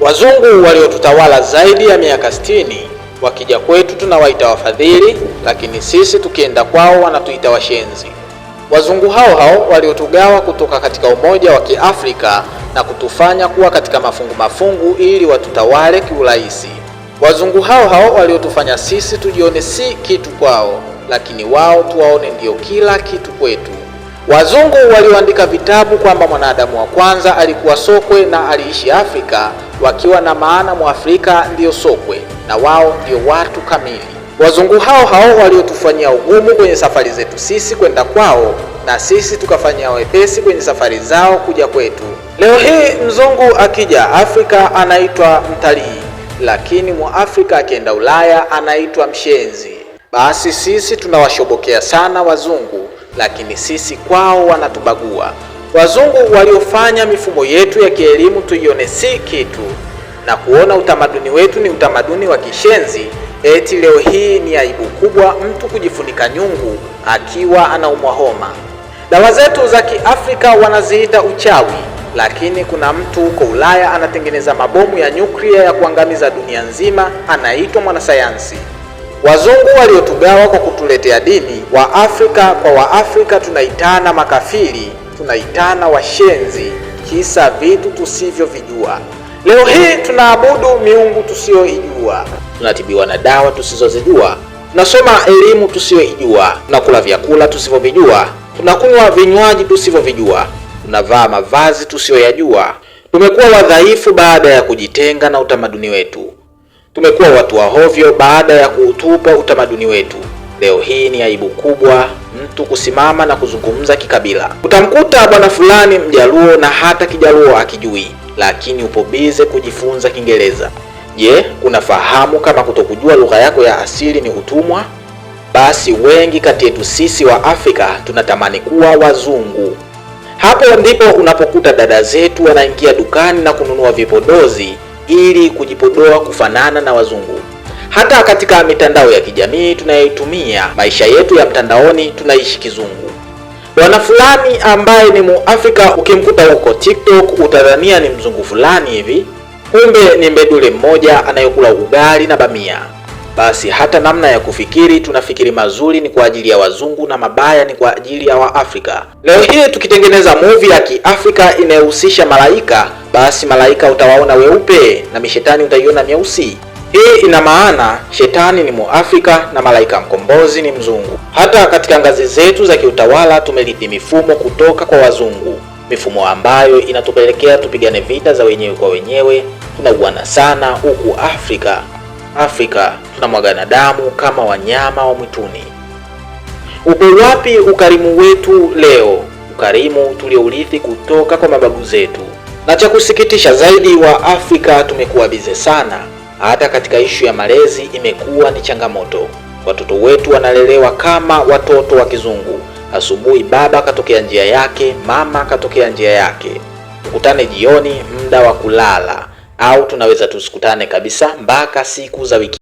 Wazungu waliotutawala zaidi ya miaka 60 wakija kwetu tunawaita wafadhili, lakini sisi tukienda kwao wanatuita washenzi. Wazungu hao hao waliotugawa kutoka katika umoja wa Kiafrika na kutufanya kuwa katika mafungu mafungu ili watutawale kiurahisi. Wazungu hao hao waliotufanya sisi tujione si kitu kwao, lakini wao tuwaone ndio kila kitu kwetu. Wazungu walioandika vitabu kwamba mwanadamu wa kwanza alikuwa sokwe na aliishi Afrika, wakiwa na maana Mwafrika ndiyo sokwe na wao ndio watu kamili. Wazungu hao hao waliotufanyia ugumu kwenye safari zetu sisi kwenda kwao, na sisi tukafanyia wepesi kwenye safari zao kuja kwetu. Leo hii mzungu akija Afrika anaitwa mtalii, lakini Mwafrika akienda Ulaya anaitwa mshenzi. Basi sisi tunawashobokea sana wazungu lakini sisi kwao wanatubagua. Wazungu waliofanya mifumo yetu ya kielimu tuione si kitu na kuona utamaduni wetu ni utamaduni wa kishenzi. Eti leo hii ni aibu kubwa mtu kujifunika nyungu akiwa anaumwa homa. Dawa zetu za Kiafrika wanaziita uchawi, lakini kuna mtu huko Ulaya anatengeneza mabomu ya nyuklia ya kuangamiza dunia nzima, anaitwa mwanasayansi. Wazungu waliotugawa kwa kutuletea dini, Waafrika kwa Waafrika tunaitana makafiri, tunaitana washenzi, kisa vitu tusivyovijua. Leo hii tunaabudu miungu tusiyoijua, tunatibiwa na dawa tusizozijua, tunasoma elimu tusiyoijua, tunakula vyakula tusivyovijua, tunakunywa vinywaji tusivyovijua, tunavaa mavazi tusiyoyajua. Tumekuwa wadhaifu baada ya kujitenga na utamaduni wetu. Tumekuwa watu wa hovyo baada ya kuutupa utamaduni wetu. Leo hii ni aibu kubwa mtu kusimama na kuzungumza kikabila. Utamkuta bwana fulani Mjaluo na hata Kijaluo akijui, lakini upo bize kujifunza Kiingereza. Je, unafahamu kama kutokujua lugha yako ya asili ni utumwa? Basi wengi kati yetu sisi wa Afrika tunatamani kuwa wazungu. Hapo ndipo unapokuta dada zetu wanaingia dukani na kununua vipodozi ili kujipodoa kufanana na wazungu. Hata katika mitandao ya kijamii tunayoitumia, maisha yetu ya mtandaoni tunaishi kizungu. Bwana fulani ambaye ni Muafrika ukimkuta huko TikTok utadhania ni mzungu fulani hivi, kumbe ni mbedule mmoja anayekula ugali na bamia. Basi hata namna ya kufikiri, tunafikiri mazuri ni kwa ajili ya wazungu na mabaya ni kwa ajili ya Waafrika. Leo hii tukitengeneza movie ya Kiafrika inayohusisha malaika, basi malaika utawaona weupe na mishetani utaiona mieusi. Hii ina maana shetani ni Muafrika na malaika mkombozi ni mzungu. Hata katika ngazi zetu za kiutawala tumerithi mifumo kutoka kwa wazungu, mifumo ambayo inatupelekea tupigane vita za wenyewe kwa wenyewe, tunauana sana huku Afrika. Afrika tunamwagana damu kama wanyama wa mwituni. Uko wapi ukarimu wetu leo, ukarimu tuliourithi kutoka kwa mababu zetu? Na cha kusikitisha zaidi, wa Afrika tumekuwa bize sana, hata katika ishu ya malezi imekuwa ni changamoto. Watoto wetu wanalelewa kama watoto wa kizungu. Asubuhi baba katokea njia yake, mama katokea njia yake, ukutane jioni muda wa kulala au tunaweza tusikutane kabisa mpaka siku za wiki